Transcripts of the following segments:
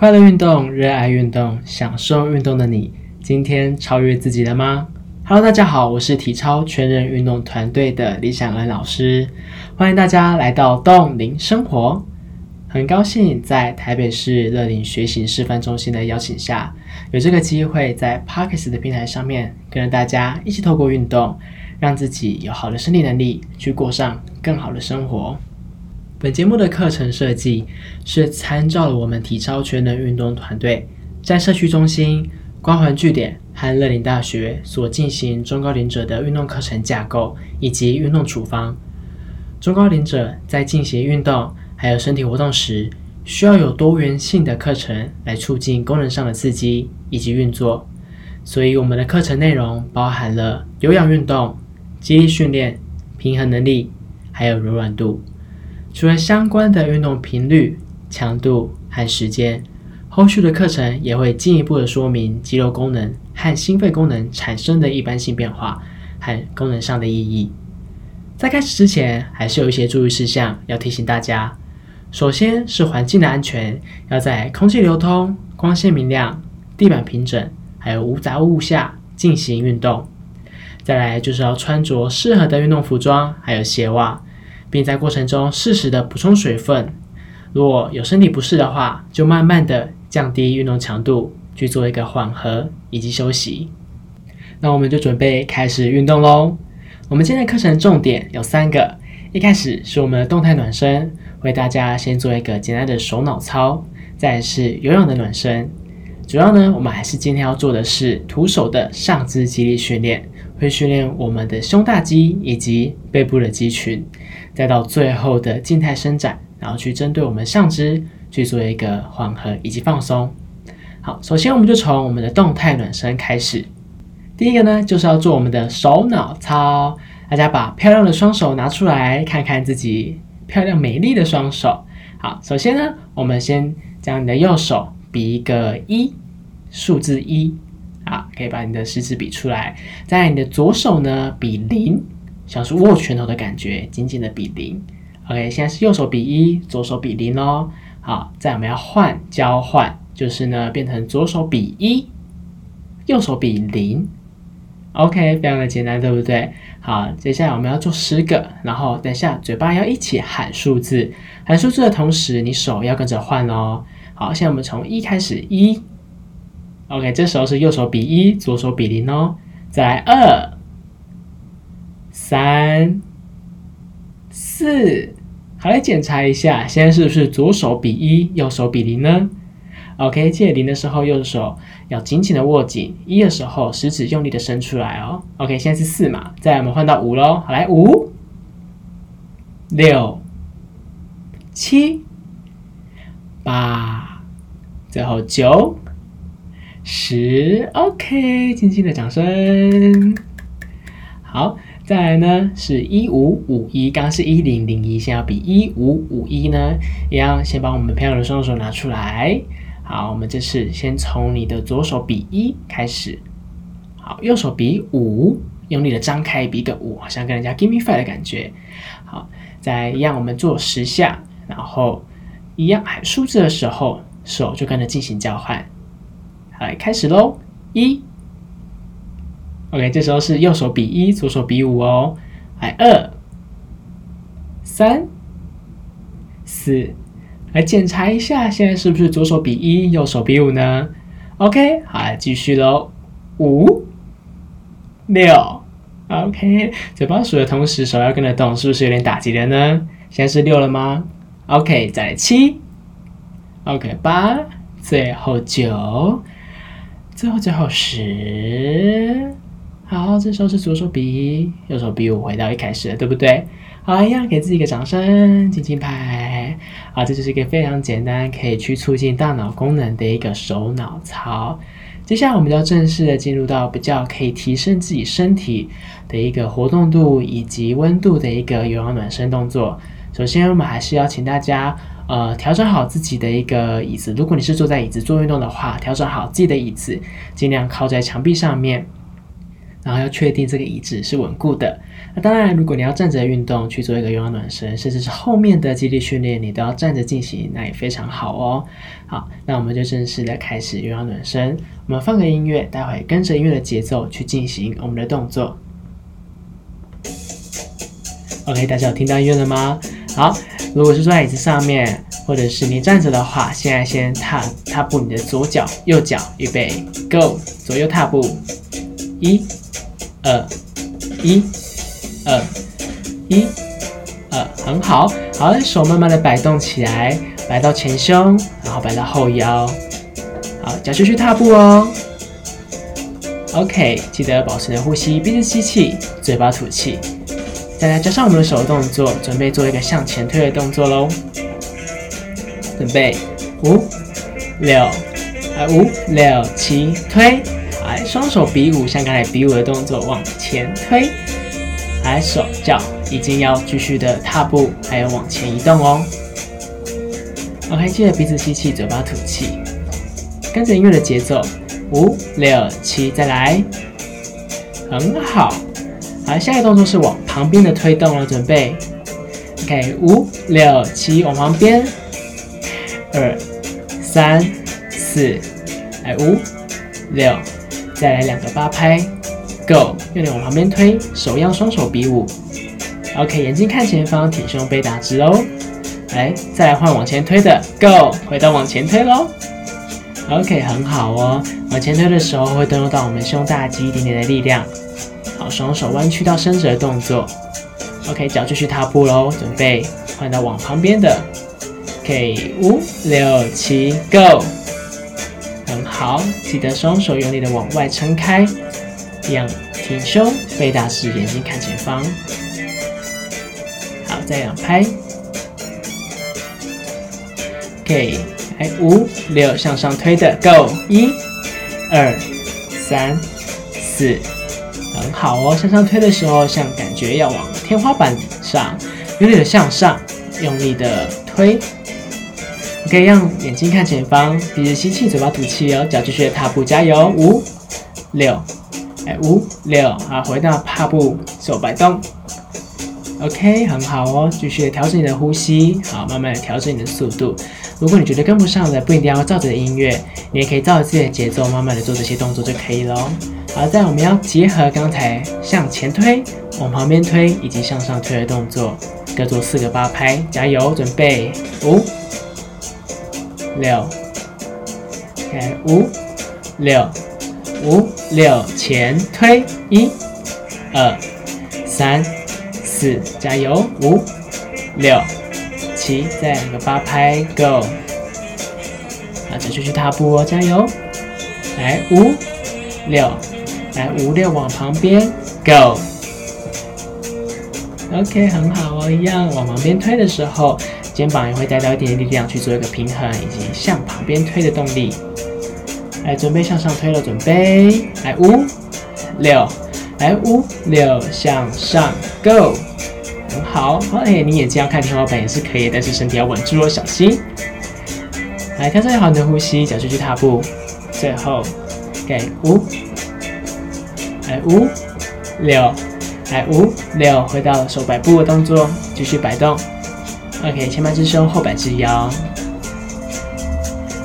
快樂運動，熱愛運動，享受運動的你，今天超越自己了嗎？Hello，大家好，我是體超全人運動團隊的李想恩老師，歡迎大家來到動齡生活。很高興在台北市樂齡學習示範中心的邀請下，有這個機會在 Podcast 的平台上面，跟着大家一起透過運動，讓自己有好的身體能力，去過上更好的生活。本節目的課程設計是參照了我們體超全人運動團隊在社區中心、關懷據點和樂齡大學所進行中高齡者的運動課程架構以及運動處方。中高齡者在進行運動還有身體活動時，需要有多元性的課程來促進功能上的刺激以及運作。所以，我們的課程內容包含了有氧運動、肌力訓練、平衡能力還有柔軟度。除了相關的運動頻率、強度和時間，後續的課程也會進一步的說明肌肉功能和心肺功能產生的一般性變化和功能上的意義。在開始之前，還是有一些注意事項要提醒大家。首先是環境的安全，要在空氣流通、光線明亮、地板平整，還有無雜物下進行運動。再來就是要穿着適合的運動服裝，還有鞋襪。並在過程中適時的補充水分。如果有身體不適的話，就慢慢的降低運動強度，去做一個緩和以及休息。那我們就準備開始運動嘍。我們今天的課程重點有三個，一開始是我們的動態暖身，為大家先做一個簡單的手腦操，再是有氧的暖身。主要呢，我們還是今天要做的是徒手的上肢肌力訓練，會訓練我們的胸大肌以及背部的肌群。再到最後的靜態伸展，然後去針對我們上肢去做一個緩和以及放鬆。好，首先我們就從我們的動態暖身開始。第一個呢，就是要做我們的手腦操。大家把漂亮的雙手拿出來，看看自己漂亮美麗的雙手。好，首先呢，我們先將你的右手比一個一數字一。啊，可以把你的食指比出來。再來你的左手呢，比零。像是握拳頭的感覺，緊緊的比0。OK，現在是右手比一，左手比零哦。好，再我們要換交換，就是呢，變成左手比一，右手比零。OK，非常的簡單，對不對？好，接下來我們要做十個，然後等下嘴巴要一起喊數字，喊數字的同時，你手要跟着換哦。好，現在我們從一開始一。OK，這時候是右手比一，左手比零哦。再來二，三、四，好，來檢查一下，現在是不是左手比一，右手比零呢？OK，借零的時候右手要緊緊的握緊，一的時候食指用力的伸出來哦。OK，現在是四嘛，再來我們換到五嘍，好，來五、六、七、八，最後九、十。OK，輕輕的掌聲，好。再來呢，是一五五一，剛剛是一零零一，現在要比一五五一呢，一樣先把我們漂亮的雙手拿出來。好，我們這次先從你的左手比一開始，好，右手比五，用力的張開比個五，好像跟人家 give me five 的感覺。好，再一樣我們做十下，然後一樣喊數字的時候，手就跟着進行交換。好，開始嘍，一。OK，這時候是右手比一，左手比五哦。來二、三、四，來檢查一下，現在是不是左手比一，右手比五呢？OK，好，繼續嘍。五、六，OK，嘴巴數的同時，手要跟着動，是不是有點打擊的呢？現在是六了嗎？OK，再來七，OK，八，最後九，最後最後十。好，這時候是左手比，右手比五，回到一開始了，對不對？好，一樣給自己一個掌聲，輕輕拍。好，這就是一個非常簡單，可以去促進大腦功能的一個手腦操。接下來，我們就正式的進入到比較可以提升自己身體的一個活動度以及溫度的一個有氧暖身動作。首先，我們還是邀請大家，呃，調整好自己的一個椅子。如果你是坐在椅子做運動的話，調整好自己的椅子，盡量靠在牆壁上面。然後要確定這個椅子是穩固的。那當然，如果你要站着運動去做一個有氧暖身，甚至是後面的肌力訓練，你都要站着進行，那也非常好哦。好，那我們就正式的開始有氧暖身。我們放個音樂，待會跟着音樂的節奏去進行我們的動作。OK，大家有聽到音樂了嗎？好，如果是坐在椅子上面，或者是你站着的話，現在先踏踏步，你的左腳、右腳，預備，Go，左右踏步。一，二，一，二，一，二，很好，好，手慢慢的擺動起來，擺到前胸，然後擺到後腰，好，腳繼續踏步哦。OK，記得保持你的呼吸，鼻子吸氣，嘴巴吐氣。再來加上我們的手的動作，準備做一個向前推的動作嘍。準備，五，六，哎，五，六，七，推。雙手比五，像剛才比五的動作往前推。來，手腳一定要繼續的踏步，還有往前移動哦。OK，記得鼻子吸氣，嘴巴吐氣，跟着音樂的節奏，五六七，再來，很好。好，下一個動作是往旁邊的推動哦，準備。OK，五六七，往旁邊。二三四，來五六。再來兩個八拍，Go，用力往旁邊推，手要雙手比五，OK，眼睛看前方，挺胸背打直哦。來，再來換往前推的，Go，回到往前推嘍。OK，很好哦，往前推的時候會動用到我們胸大肌一點點的力量。好，雙手彎曲到伸直的動作，OK，腳繼續踏步嘍，準備換到往旁邊的，OK，五六七，Go。好，記得雙手用力的往外撐開，仰挺胸，背打直，眼睛看前方。好，再兩拍。OK，來五六向上推的，Go！一、二、三、四，很好哦。向上推的時候，像感覺要往天花板上，用力的向上，用力的推。可以讓眼睛看前方，鼻子吸氣，嘴巴吐氣哦。腳繼續踏步，加油！五、欸、六，哎，五六，好，回到踏步，手擺動。OK，很好哦。繼續調整你的呼吸，好，慢慢的調整你的速度。如果你覺得跟不上了，不一定要照着音樂，你也可以照着自己的節奏慢慢的做這些動作就可以囉。好，再來我們要結合剛才向前推、往旁邊推以及向上推的動作，各做四個八拍，加油！準備，五。六，來五，六，五，六，前推一，二，三，四，加油！五，六，七，再來個八拍，Go！好，再繼續踏步哦，加油！來五，六，來五六往旁邊 Go。OK，很好哦，一樣往旁邊推的時候。肩膀也會帶到一點點力量去做一個平衡，以及向旁邊推的動力。來，準備向上推了，準備，來五六，5, 6, 來五六，5, 6, 向上，Go，很、嗯、好。誒、哦欸，你眼睛要看天花板也是可以，但是身體要穩住哦，小心。來，調整好你的呼吸，腳繼續踏步，最後給五，5, 6, 來五六，來五六，回到手擺步的動作，繼續擺動。OK，前半支胸，後半支腰，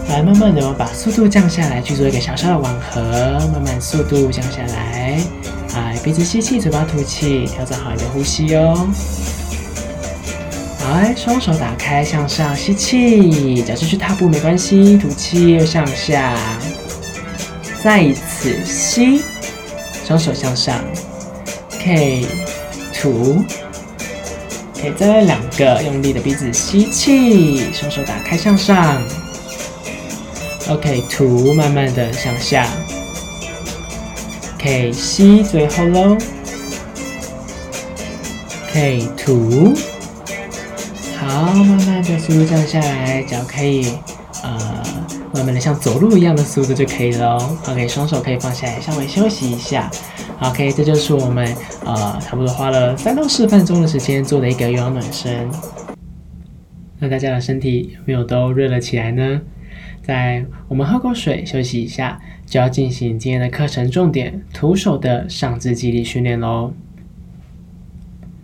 來，慢慢的我把速度降下來，去做一個小小的緩和。慢慢速度降下來。來，鼻子吸氣，嘴巴吐氣，調整好你的呼吸哦。來，雙手打開，向上吸氣，腳趾去踏步沒關係，吐氣又向下，再一次吸，雙手向上，OK，、okay, 吐。可以、okay, 再來兩個，用力的鼻子吸氣，雙手,手打開向上。OK，吐，慢慢的向下。OK，吸，最後嘍。OK，吐。好，慢慢的速度降下來，腳可以，啊、呃。慢慢的，像走路一樣的速度就可以了哦。OK，雙手可以放下來，稍微休息一下。OK，這就是我們呃，差不多花了三到四分鐘的時間做的一個有氧暖身，那大家的身體有沒有都熱了起來呢？在我們喝口水，休息一下，就要進行今天的課程重點——徒手的上肢肌力訓練咯。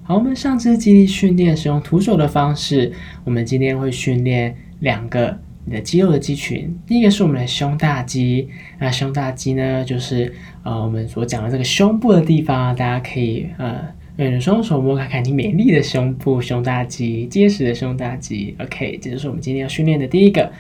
好，我們上肢肌力訓練使用徒手的方式，我們今天會訓練兩個。你的肌肉的肌群，第一個是我們的胸大肌。那胸大肌呢，就是呃我們所講的這個胸部的地方，大家可以呃用你的雙手摸看看你美麗的胸部，胸大肌，結實的胸大肌。OK，這就是我們今天要訓練的第一個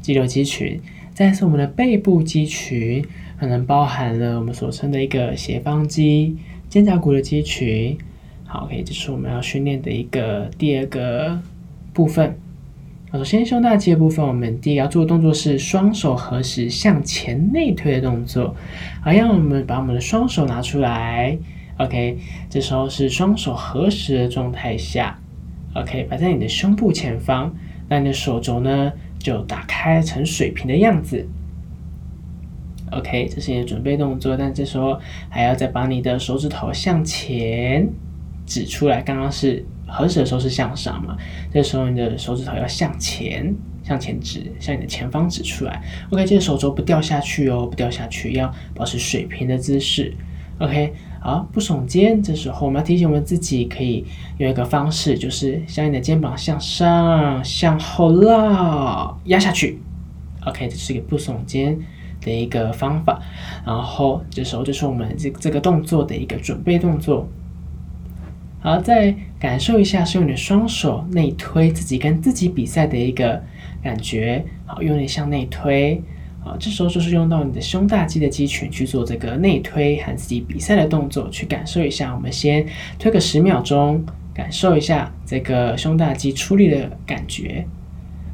肌肉肌群。再是我們的背部肌群，可能包含了我們所稱的一個斜方肌、肩胛骨的肌群。好可以，okay，這是我們要訓練的一個第二個部分。首先胸大肌的部分，我們第一個要做的動作是雙手合十向前內推的動作。好，讓我們把我們的雙手拿出來。OK，這時候是雙手合十的狀態下。OK，擺在你的胸部前方，那你的手肘呢，就打開成水平的樣子。OK，這是你的準備動作，但這時候還要再把你的手指頭向前指出來。剛剛是。合十的時候是向上嘛？這時候你的手指頭要向前，向前指，向你的前方指出來。OK，這個手肘不掉下去哦，不掉下去，要保持水平的姿勢。OK，好，不聳肩。這時候我們要提醒我們自己，可以用一個方式，就是將你的肩膀向上，向後拉，壓下去。OK，這是一個不聳肩的一個方法。然後這時候就是我們這這個動作的一個準備動作。好，再感受一下，是用你的雙手內推，自己跟自己比賽的一個感覺。好，用力向內推。好，這時候就是用到你的胸大肌的肌群去做這個內推和自己比賽的動作，去感受一下。我們先推個十秒鐘，感受一下這個胸大肌出力的感覺。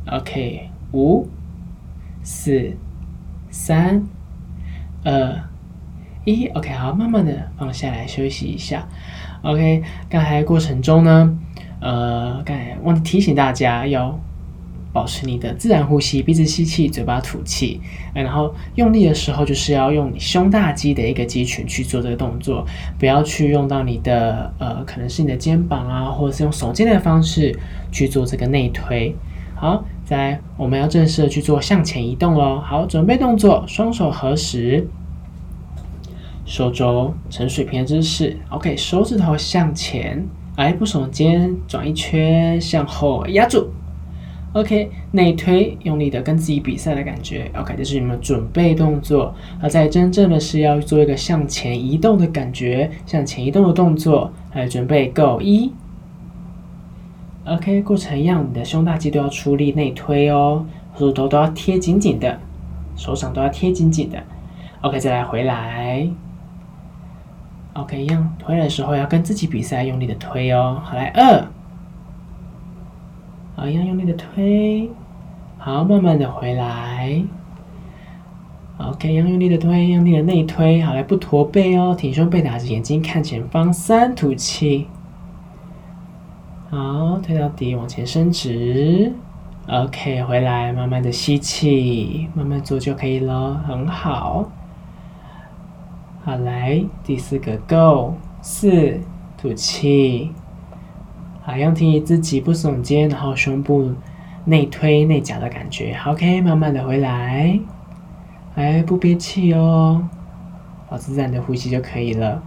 OK，五、四、三、二、一。OK，好，慢慢的放下來，休息一下。OK，剛才過程中呢，呃，剛才忘記提醒大家要保持你的自然呼吸，鼻子吸氣，嘴巴吐氣、哎。然後用力的時候，就是要用你胸大肌的一個肌群去做這個動作，不要去用到你的呃，可能是你的肩膀啊，或者是用聳肩的方式去做這個內推。好，再來，我們要正式的去做向前移動嘍。好，準備動作，雙手合十。手肘呈水平的姿勢，OK，手指頭向前，來，不聳肩，轉一圈向後壓住，OK，內推，用力的跟自己比賽的感覺，OK，這是你們準備動作，那在真正的是要做一個向前移動的感覺，向前移動的動作，來準備，Go 一，OK，過程一樣，你的胸大肌都要出力內推哦，手指頭都要貼緊緊的，手掌都要貼緊緊的，OK，再來回來。OK，一樣回來的時候要跟自己比賽，用力的推哦。好來，來二，好，一樣用力的推，好，慢慢的回來。OK，一樣用力的推，用力的內推。好來，來不駝背哦，挺胸背打直，眼睛看前方。三，吐氣。好，推到底，往前伸直。OK，回來，慢慢的吸氣，慢慢做就可以了，很好。好，來，第四個，go 四，吐氣，好，要注意自己不聳肩，然後胸部內推內夾的感覺，好，OK，慢慢的回來，來，不憋氣哦，保持自然的呼吸就可以了。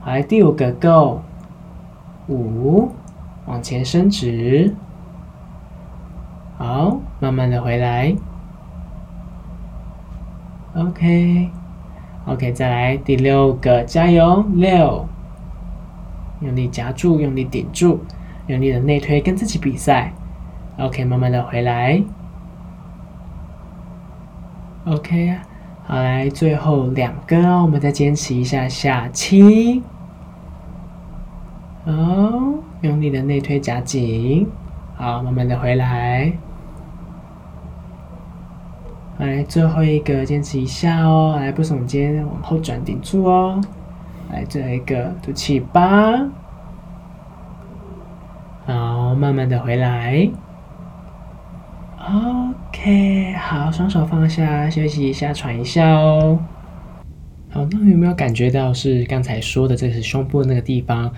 好，來，第五個，go 五，往前伸直，好，慢慢的回來，OK。OK，再來第六個，加油！六，用力夾住，用力頂住，用力的內推，跟自己比賽。OK，慢慢的回來。OK，好，來最後兩個哦，我們再堅持一下下七。哦，用力的內推夾緊，好，慢慢的回來。來最後一個，堅持一下哦！來，不聳肩，往後轉，頂住哦！來最後一個，吐氣吧。好，慢慢的回來。OK，好，雙手放下，休息一下，喘一下哦。好，那有沒有感覺到是剛才說的，這是胸部那個地方，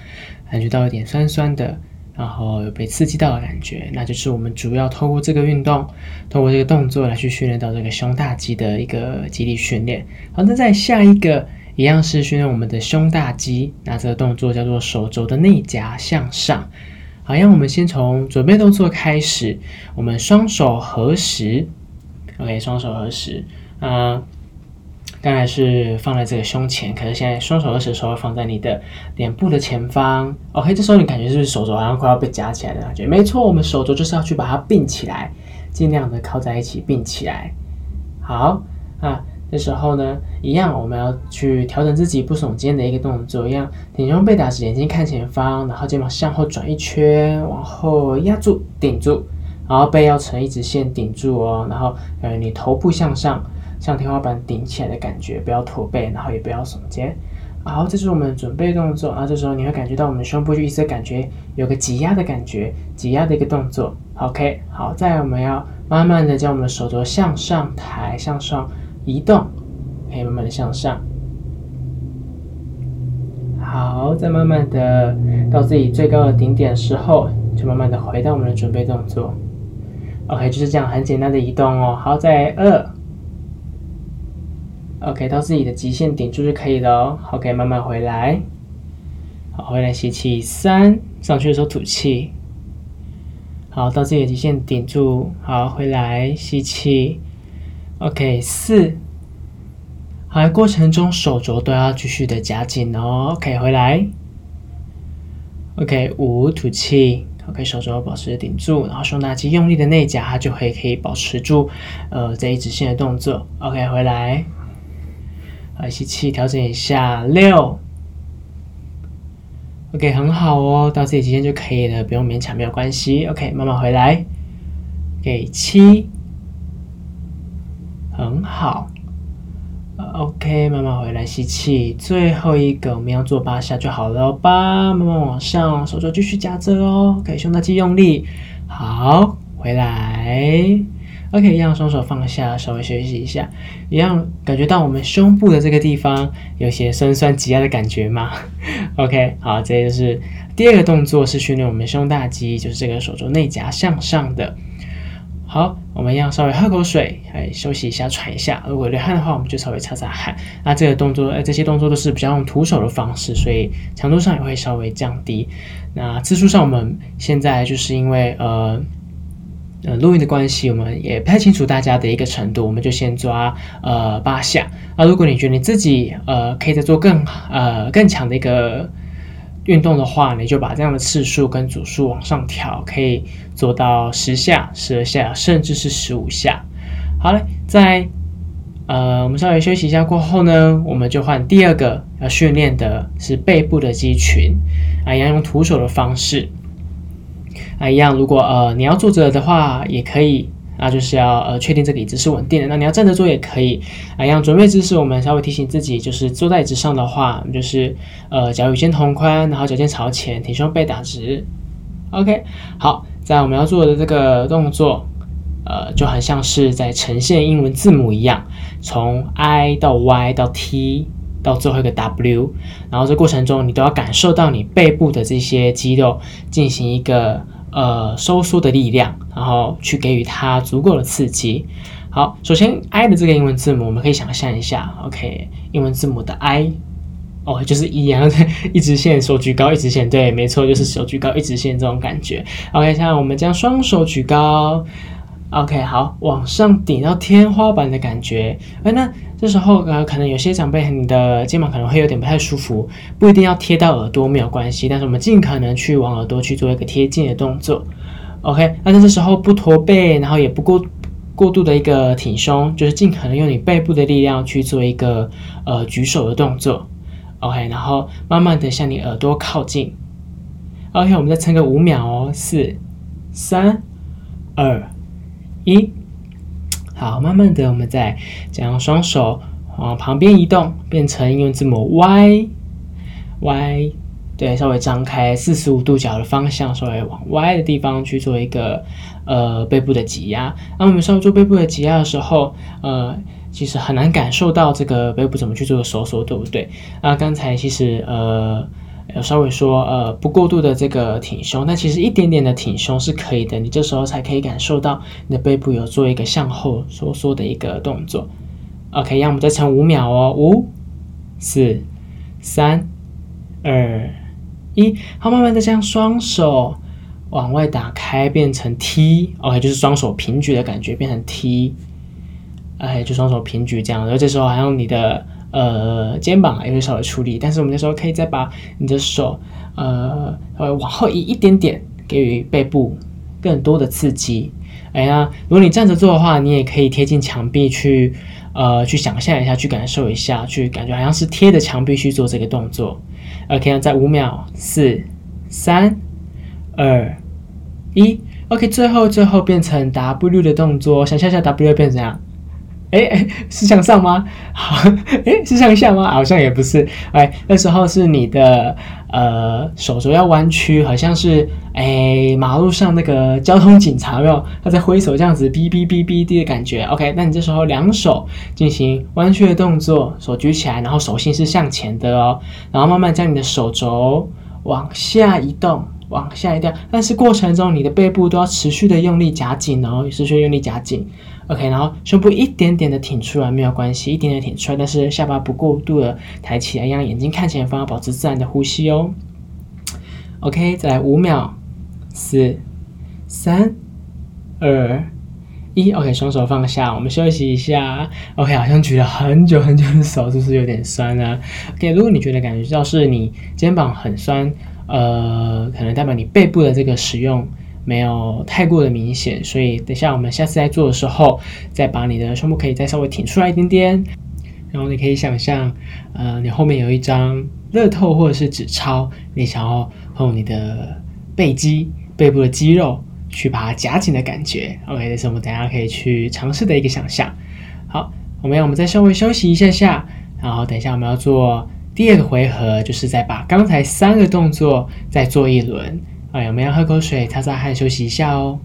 感覺到有點酸酸的？然後有被刺激到的感覺，那就是我們主要透過這個運動，透過這個動作來去訓練到這個胸大肌的一個肌力訓練。好，那在下一個一樣是訓練我們的胸大肌，那這個動作叫做手肘的內夾向上。好，讓我們先從準備動作開始，我們雙手合十，OK，雙手合十，啊、嗯。剛才是放在這個胸前，可是現在雙手的時候放在你的臉部的前方。OK，這時候你感覺是不是手肘好像快要被夾起來的感覺？沒錯，我們手肘就是要去把它併起來，儘量的靠在一起併起來。好，啊，這時候呢，一樣我們要去調整自己不聳肩的一個動作，一樣，挺胸背打直，眼睛看前方，然後肩膀向後轉一圈，往後壓住頂住，然後背要成一直線頂住哦，然後呃，你頭部向上。向天花板頂起來的感覺，不要駝背，然後也不要聳肩。好，這是我們的準備動作。啊，這時候你會感覺到我們胸部就一直感覺有個擠壓的感覺，擠壓的一個動作。OK，好，再我們要慢慢的將我們的手肘向上抬，向上移動，OK，可以慢慢的向上。好，再慢慢的到自己最高的頂點的時候，就慢慢的回到我們的準備動作。OK，就是這樣很簡單的移動哦。好，再來二。OK，到自己的極限頂住就可以了哦。OK，慢慢回來，好回來吸氣三，上去的時候吐氣。好，到自己的極限頂住，好回來吸氣。OK 四，好過程中手肘都要繼續的夾緊哦。OK 回來，OK 五吐氣。OK 手肘保持頂住，然後胸大肌用力的內夾，它就會可以保持住呃這一直線的動作。OK 回來。好來吸氣，調整一下六。OK，很好哦，到這裡極限就可以了，不用勉強，沒有關係。OK，慢慢回來，給、okay, 七，很好。OK，慢慢回來吸氣，最後一個我們要做八下就好了吧？慢慢往上，手肘繼續夾著哦，以、okay, 胸大肌用力。好，回來。OK，一樣雙手放下，稍微休息一下。一樣感覺到我們胸部的這個地方有些酸酸、擠壓的感覺嗎 ？OK，好，這就是第二個動作，是訓練我們胸大肌，就是這個手肘內夾向上的。好，我們要稍微喝口水，哎，休息一下、喘一下。如果流汗的話，我們就稍微擦擦汗。那這個動作，哎，這些動作都是比較用徒手的方式，所以強度上也會稍微降低。那次數上，我們現在就是因為呃。呃，錄音的關係，我們也不太清楚大家的一個程度，我們就先抓呃八下。那如果你覺得你自己呃可以再做更呃更強的一個運動的話，你就把這樣的次數跟組數往上調，可以做到十下、十二下，甚至是十五下。好了，在呃我們稍微休息一下過後呢，我們就換第二個要訓練的是背部的肌群，啊，要用徒手的方式。啊，一樣，如果呃你要坐着的話也可以，啊，就是要呃確定這個椅子是穩定的。那你要站着做也可以，啊，一樣準備姿勢，我們稍微提醒自己，就是坐在椅子上的話，就是呃腳與肩同寬，然後腳尖朝前，挺胸背打直。OK，好，在我們要做的這個動作，呃就很像是在呈現英文字母一樣，從 I 到 Y 到 T。到最後一個 W，然後這過程中你都要感受到你背部的這些肌肉進行一個呃收縮的力量，然後去給予它足夠的刺激。好，首先 I 的這個英文字母，我們可以想象一下，OK，英文字母的 I，哦就是一樣，樣一直線，手舉高一直線，對，沒錯，就是手舉高一直線這種感覺。OK，現在我們將雙手舉高。OK，好，往上頂到天花板的感覺。哎、欸，那這時候呃，可能有些長輩你的肩膀可能會有點不太舒服，不一定要貼到耳朵沒有關係，但是我們儘可能去往耳朵去做一個貼近的動作。OK，那在這時候不駝背，然後也不過過度的一個挺胸，就是儘可能用你背部的力量去做一個呃舉手的動作。OK，然後慢慢的向你耳朵靠近。OK，我們再撐個五秒哦，四、三、二。一，好，慢慢的，我們再將雙手往旁邊移動，變成英文字母 Y，Y，對，稍微張開四十五度角的方向，稍微往 Y 的地方去做一個呃背部的擠壓。那、啊、我們稍微做背部的擠壓的時候，呃，其實很難感受到這個背部怎麼去做收縮，對不對？啊，剛才其實呃。有稍微說，呃，不過度的這個挺胸，但其實一點點的挺胸是可以的。你這時候才可以感受到你的背部有做一個向後收縮，縮的一個動作。OK，讓我們再撐五秒哦，五、四、三、二、一，好，慢慢的將雙手往外打開變成 T，OK，okay，就是雙手平舉的感覺變成 T，哎，就雙手平舉這樣，然後這時候還用你的。呃，肩膀有些稍微出力，但是我們那時候可以再把你的手，呃，呃，往後移一點點，給予背部更多的刺激。哎呀，如果你站着做的話，你也可以貼近牆壁去，呃，去想象一下，去感受一下，去感覺好像是貼着牆壁去做這個動作。OK，在五秒，四、三、二、一，OK，最後最後變成 W 的動作，想象一下 W 變成怎樣。哎哎，是向上嗎？好，哎，是向下嗎？啊，好像也不是。哎、okay，那時候是你的呃手肘要彎曲，好像是哎馬路上那個交通警察，有沒有？他在揮手這樣子嗶嗶嗶嗶嗶的感覺。OK，那你這時候兩手進行彎曲的動作，手舉起來，然後手心是向前的哦，然後慢慢將你的手肘往下移動，往下一掉，但是過程中你的背部都要持續的用力夾緊哦，持續用力夾緊。OK，然後胸部一點點的挺出來，沒有關係，一點點挺出來，但是下巴不過度的抬起來一樣，讓眼睛看前方，保持自然的呼吸哦。OK，再來五秒，四、三、二、一。OK，雙手放下，我們休息一下。OK，好像舉了很久很久的手，是不是有點酸呢啊？OK，如果你覺得感覺到是你肩膀很酸，呃，可能代表你背部的這個使用。沒有太過的明顯，所以等一下我們下次在做的時候，再把你的胸部可以再稍微挺出來一點點，然後你可以想象，呃，你後面有一張樂透或者是紙鈔，你想要用你的背肌、背部的肌肉去把它夾緊的感覺。OK，這是我們等下可以去嘗試的一個想象。好，我們讓我們再稍微休息一下下，然後等一下我們要做第二個回合，就是再把剛才三個動作再做一輪。哎我們要喝口水，擦擦汗，休息一下哦。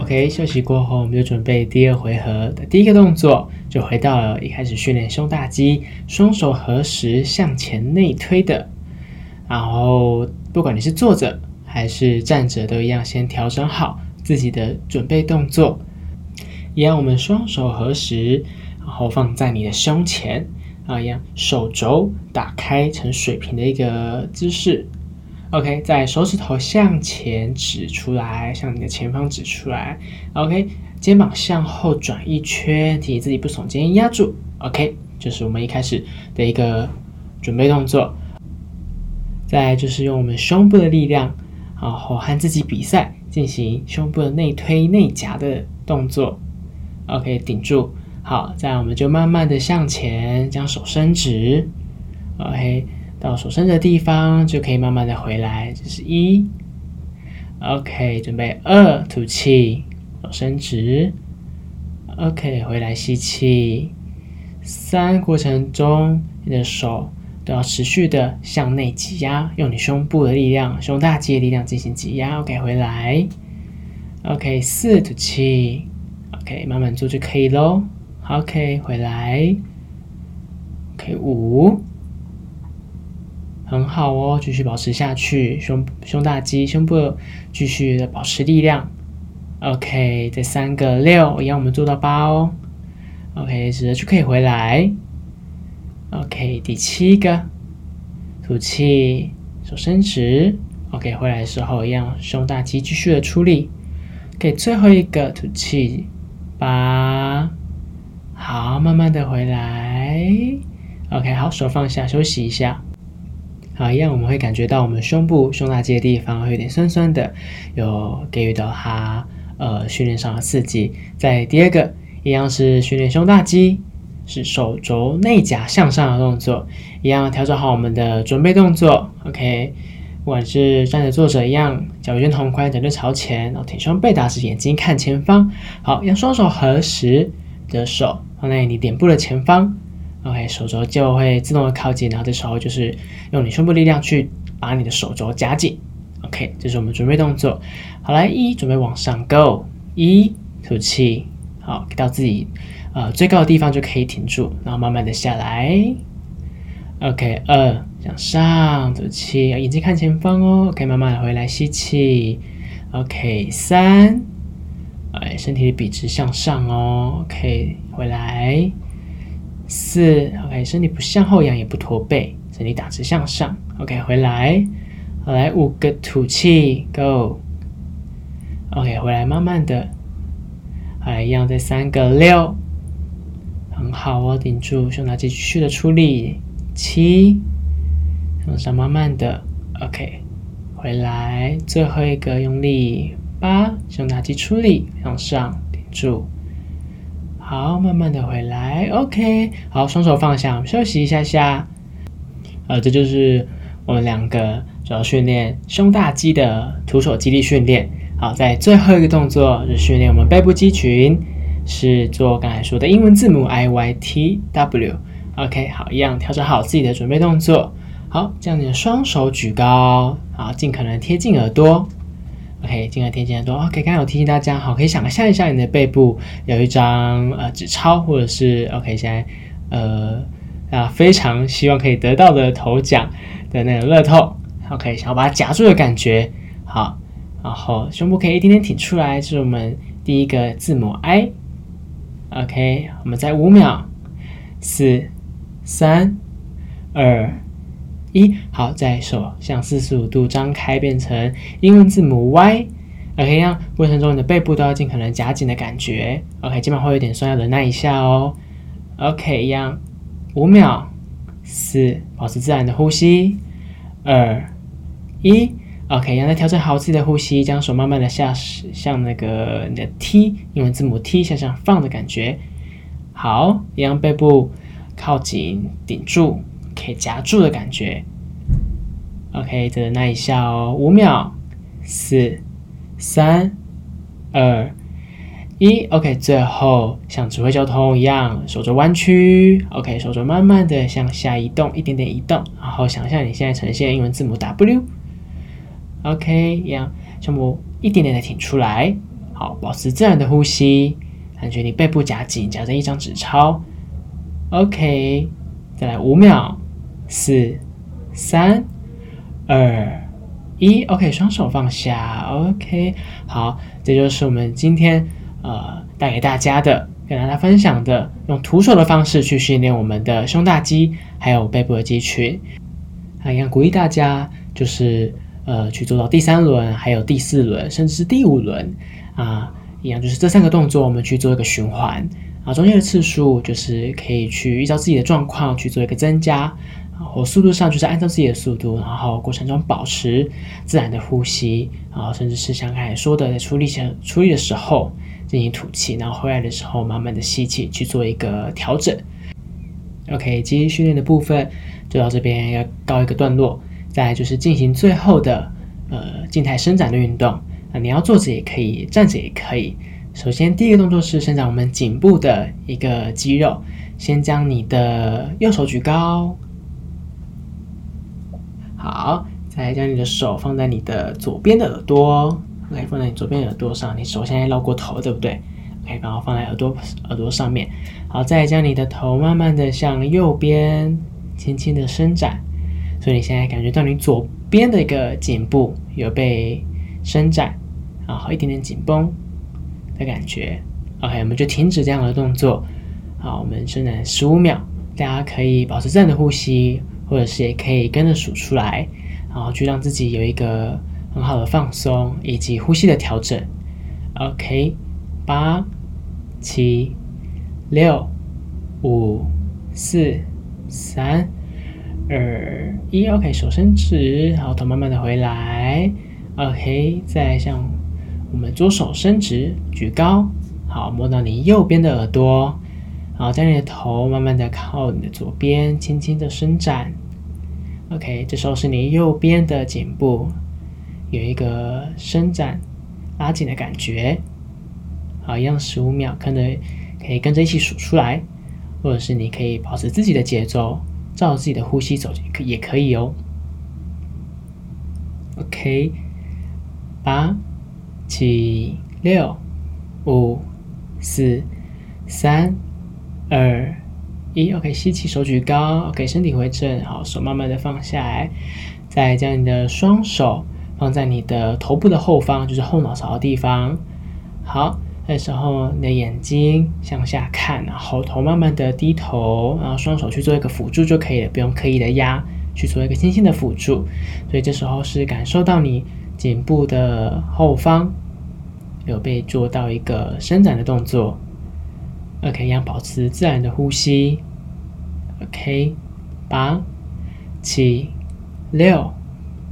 OK，休息過後，我們就準備第二回合的第一個動作，就回到了一開始訓練胸大肌，雙手合十向前內推的。然後，不管你是坐着還是站着，都一樣，先調整好自己的準備動作。一樣，我們雙手合十。然後放在你的胸前，啊，一樣手肘打開呈水平的一個姿勢。OK，在手指頭向前指出來，向你的前方指出來。OK，肩膀向後轉一圈，提醒自己不聳肩，壓住。OK，這是我們一開始的一個準備動作。再就是用我們胸部的力量，然後和自己比賽進行胸部的內推內夾的動作。OK，頂住。好，這樣我們就慢慢的向前，將手伸直，OK，到手伸的地方就可以慢慢的回來，就是一，OK，準備二，吐氣，手伸直，OK，回來吸氣，三，過程中你的手都要持續的向內擠壓，用你胸部的力量、胸大肌的力量進行擠壓，OK，回來，OK，四，吐氣，OK，慢慢做就可以嘍。OK，回來。OK，五，很好哦，繼續保持下去。胸胸大肌，胸部繼續的保持力量。OK，這三個六，6, 一樣我們做到八哦。OK，直接就可以回來。OK，第七個，吐氣，手伸直。OK，回來的時候一樣，胸大肌繼續的出力。給、okay, 最後一個吐氣，八。好，慢慢的回來，OK，好，手放下，休息一下。好，一樣我們會感覺到我們胸部、胸大肌的地方會有點酸酸的，有給予到它呃訓練上的刺激。再第二個，一樣是訓練胸大肌，是手肘內夾向上的動作，一樣調整好我們的準備動作，OK，不管是站着、坐着一樣，腳尖同寬，腳尖朝前，然後挺胸背打直，眼睛看前方。好，一樣雙手合十的手。好，那你臉部的前方，OK，手肘就會自動的靠近，然後這時候就是用你胸部力量去把你的手肘夾緊，OK，這是我們準備動作。好來，一，準備往上，Go！一，吐氣，好，到自己呃最高的地方就可以停住，然後慢慢的下來。OK，二，向上，吐氣，眼睛看前方哦，可以慢慢的回來吸氣。OK，三。哎，身體筆直向上哦，OK，回來，四，OK，身體不向後仰，也不駝背，身體打直向上，OK，回來，好來五個吐氣，Go，OK，okay，回來慢慢的，好來一樣再三個六，很好哦，頂住，胸大肌繼續的出力，七，向上慢慢的，OK，回來最後一個用力。八，胸大肌出力，向上頂住。好，慢慢的回來。OK，好，雙手放下，我們休息一下下。呃，這就是我們兩個主要訓練胸大肌的徒手肌力訓練。好，在最後一個動作，就是訓練我們背部肌群，是做剛才說的英文字母 I Y T W。OK，好，一樣調整好自己的準備動作。好，將你的雙手舉高，好，盡可能貼近耳朵。OK，今天天氣很多。OK，剛剛有提醒大家，好，可以想象一下你的背部有一張呃紙鈔，或者是 OK，現在呃啊非常希望可以得到的頭獎的那種樂透。OK，想要把它夾住的感覺，好，然後胸部可以一點點挺出來，就是我們第一個字母 I。OK，我們再五秒，四、三、二。一好，再手向四十五度張開，變成英文字母 Y，OK，一樣過程中你的背部都要盡可能夾緊的感覺。OK，肩膀會有點酸，要忍耐一下哦。OK，一樣五秒，四保持自然的呼吸，二一 OK，然後再調整好自己的呼吸，將手慢慢的下向那個你的 T 英文字母 T 向上放的感覺。好，一樣背部靠緊頂住。可以夾住的感覺。OK，再忍耐一下哦，五秒，四、三、二、一。OK，最後像指揮交通一樣，手肘彎曲。OK，手肘慢慢的向下移動，一點點移動。然後想象你現在呈現英文字母 W。OK，一樣，胸部一點點的挺出來。好，保持自然的呼吸，感覺你背部夾緊，夾着一張紙鈔。OK，再來五秒。四、三、二、一，OK，雙手放下，OK，好，這就是我們今天呃帶給大家的，跟大家分享的，用徒手的方式去訓練我們的胸大肌還有背部的肌群。啊，一樣鼓勵大家就是呃去做到第三輪，還有第四輪，甚至是第五輪啊，一樣就是這三個動作我們去做一個循環啊，中間的次數就是可以去依照自己的狀況去做一個增加。然後速度上就是按照自己的速度，然後過程中保持自然的呼吸，然後甚至是像剛才說的，在出力前、出力的時候進行吐氣，然後回來的時候慢慢的吸氣去做一個調整。OK，肌力訓練的部分就到這邊要告一個段落，再來就是進行最後的呃靜態伸展的運動。啊，你要坐着也可以，站着也可以。首先第一個動作是伸展我們頸部的一個肌肉，先將你的右手舉高。好，再將你的手放在你的左邊的耳朵，OK，放在你左邊的耳朵上。你手現在繞過頭，對不對？可以、OK，然後放在耳朵耳朵上面。好，再將你的頭慢慢的向右邊輕輕的伸展，所以你現在感覺到你左邊的一個頸部有被伸展，然後一點點緊繃的感覺。OK，我們就停止這樣的動作。好，我們伸展十五秒，大家可以保持這樣的呼吸。或者是也可以跟着數出來，然後去讓自己有一個很好的放鬆以及呼吸的調整。OK，八、七、六、五、四、三、二、一。OK，手伸直，好，頭慢慢的回來。OK，再向我們左手伸直，舉高，好，摸到你右邊的耳朵。好，將你的頭慢慢的靠你的左邊，輕輕的伸展。OK，這時候是你右邊的頸部有一個伸展拉緊的感覺。好，一樣十五秒，可能可以跟着一起數出來，或者是你可以保持自己的節奏，照着自己的呼吸走，也可以哦。OK，八、七、六、五、四、三。二一，OK，吸氣，手舉高，OK，身體回正，好，手慢慢的放下來，再將你的雙手放在你的頭部的後方，就是後腦勺的地方。好，這時候你的眼睛向下看，然後頭慢慢的低頭，然後雙手去做一個輔助就可以了，不用刻意的壓，去做一個輕輕的輔助。所以這時候是感受到你頸部的後方有被做到一個伸展的動作。OK，一樣保持自然的呼吸。OK，八、七、六、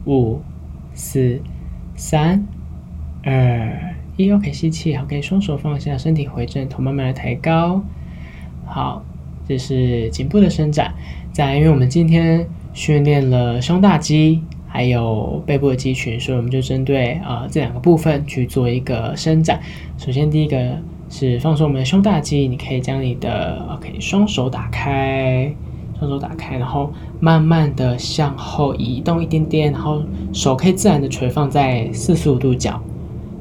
五、四、三、二、一。OK，吸氣。好，可以雙手放下，身體回正，頭慢慢的抬高。好，這是頸部的伸展。再，因為我們今天訓練了胸大肌還有背部的肌群，所以我們就針對啊、呃、這兩個部分去做一個伸展。首先第一個。是放鬆我們的胸大肌，你可以將你的 OK 雙手打開，雙手打開，然後慢慢的向後移動一點點，然後手可以自然的垂放在四十五度角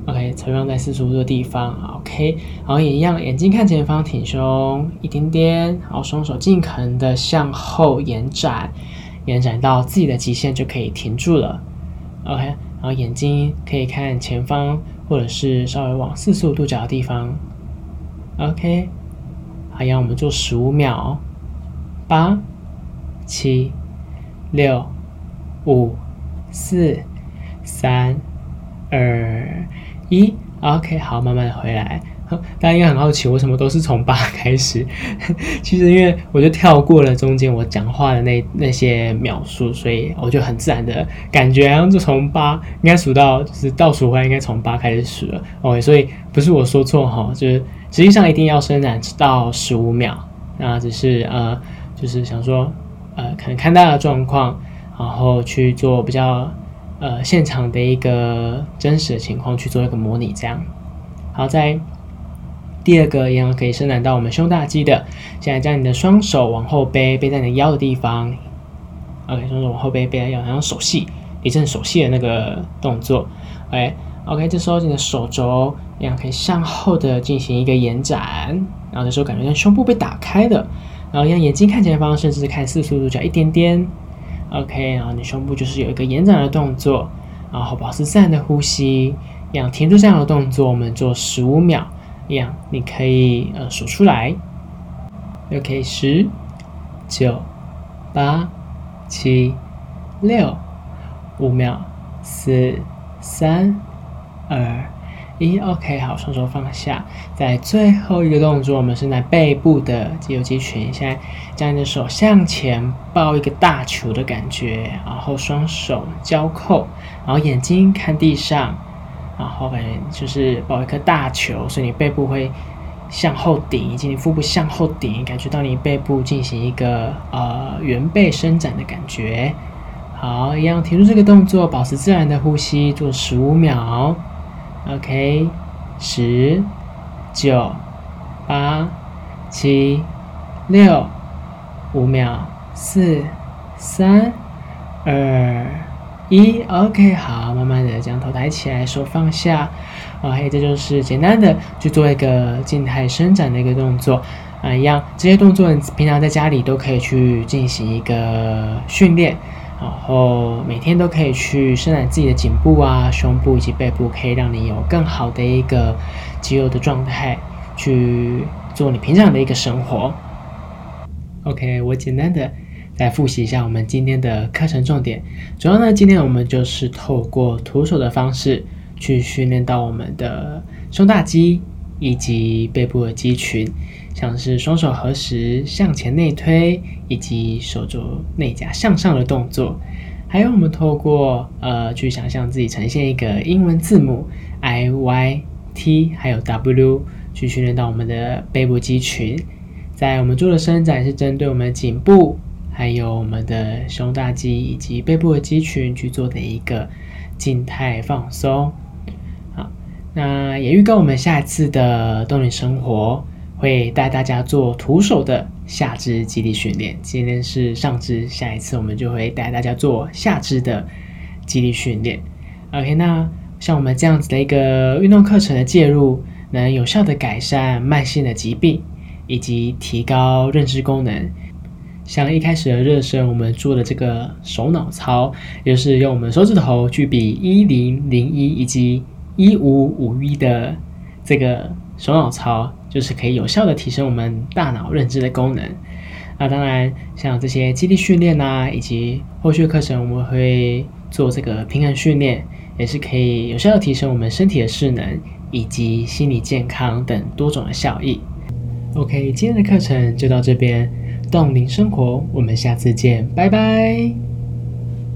，OK 垂放在四十五度的地方，OK，然後也一樣，眼睛看前方，挺胸一點點，然後雙手盡可能的向後延展，延展到自己的極限就可以停住了，OK，然後眼睛可以看前方或者是稍微往四十五度角的地方。OK，好，讓我們做十五秒。八、七、六、五、四、三、二、一。OK，好，慢慢回來。大家應該很好奇，為什麼都是從八開始？ 其實因為我就跳過了中間我講話的那那些秒數，所以我就很自然的感覺，然後就從八應該數到，就是倒數回來應該從八開始數了。OK，所以不是我說錯哈，就是。實際上一定要伸展到十五秒，那只是呃，就是想說，呃，可能看大家的狀況，然後去做比較呃現場的一個真實的情況去做一個模擬，這樣。好，在第二個一樣可以伸展到我們胸大肌的，現在將你的雙手往後背，背在你的腰的地方。OK，雙手往後背，背在腰，然後手系一陣手系的那個動作。OK，OK，這時候你的手肘。這樣可以向後的進行一個延展，然後這時候感覺像胸部被打開的，然後讓眼睛看前方，甚至是看四十五度角一點點。OK，然後你胸部就是有一個延展的動作，然後好，保持自然的呼吸，這樣停住這樣的動作，我們做十五秒。這樣你可以呃數出來，OK，十、九、八、七、六、五秒、四、三、二。一 OK，好，雙手放下，在最後一個動作，我們是在背部的肌肉肌群。現在將你的手向前抱一個大球的感覺，然後雙手交扣，然後眼睛看地上，然後感覺就是抱一顆大球，所以你背部會向後頂，以及你腹部向後頂，感覺到你背部進行一個呃圓背伸展的感覺。好，一樣停住這個動作，保持自然的呼吸，做十五秒。OK，十、九、八、七、六、五秒、四、三、二、一。OK，好，慢慢的將頭抬起來，手放下。OK，這就是簡單的去做一個靜態伸展的一個動作啊。一樣，這些動作你平常在家裡都可以去進行一個訓練。然後每天都可以去伸展自己的頸部啊、胸部以及背部，可以讓你有更好的一個肌肉的狀態，去做你平常的一個生活。OK，我簡單的來複習一下我們今天的課程重點。主要呢，今天我們就是透過徒手的方式去訓練到我們的胸大肌以及背部的肌群。像是雙手合十向前內推，以及手肘內夾向上的動作，還有我們透過呃去想象自己呈現一個英文字母 I Y T，還有 W，去訓練到我們的背部肌群。在我們做的伸展是針對我們的頸部，還有我們的胸大肌以及背部的肌群去做的一個靜態放鬆。好，那也預告我們下一次的動齡生活。會帶大家做徒手的下肢肌力訓練。今天是上肢，下一次我們就會帶大家做下肢的肌力訓練。OK，那像我們這樣子的一個運動課程的介入，能有效地改善慢性的疾病以及提高認知功能。像一開始的熱身，我們做的這個手腦操，也就是用我們手指頭去比一零零一以及一五五一的這個手腦操。就是可以有效的提升我們大腦認知的功能。那當然，像這些肌力訓練吶、啊，以及後續課程我們會做這個平衡訓練，也是可以有效的提升我們身體的勢能以及心理健康等多種的效益。OK，今天的課程就到這邊。動齡生活，我們下次見，拜拜。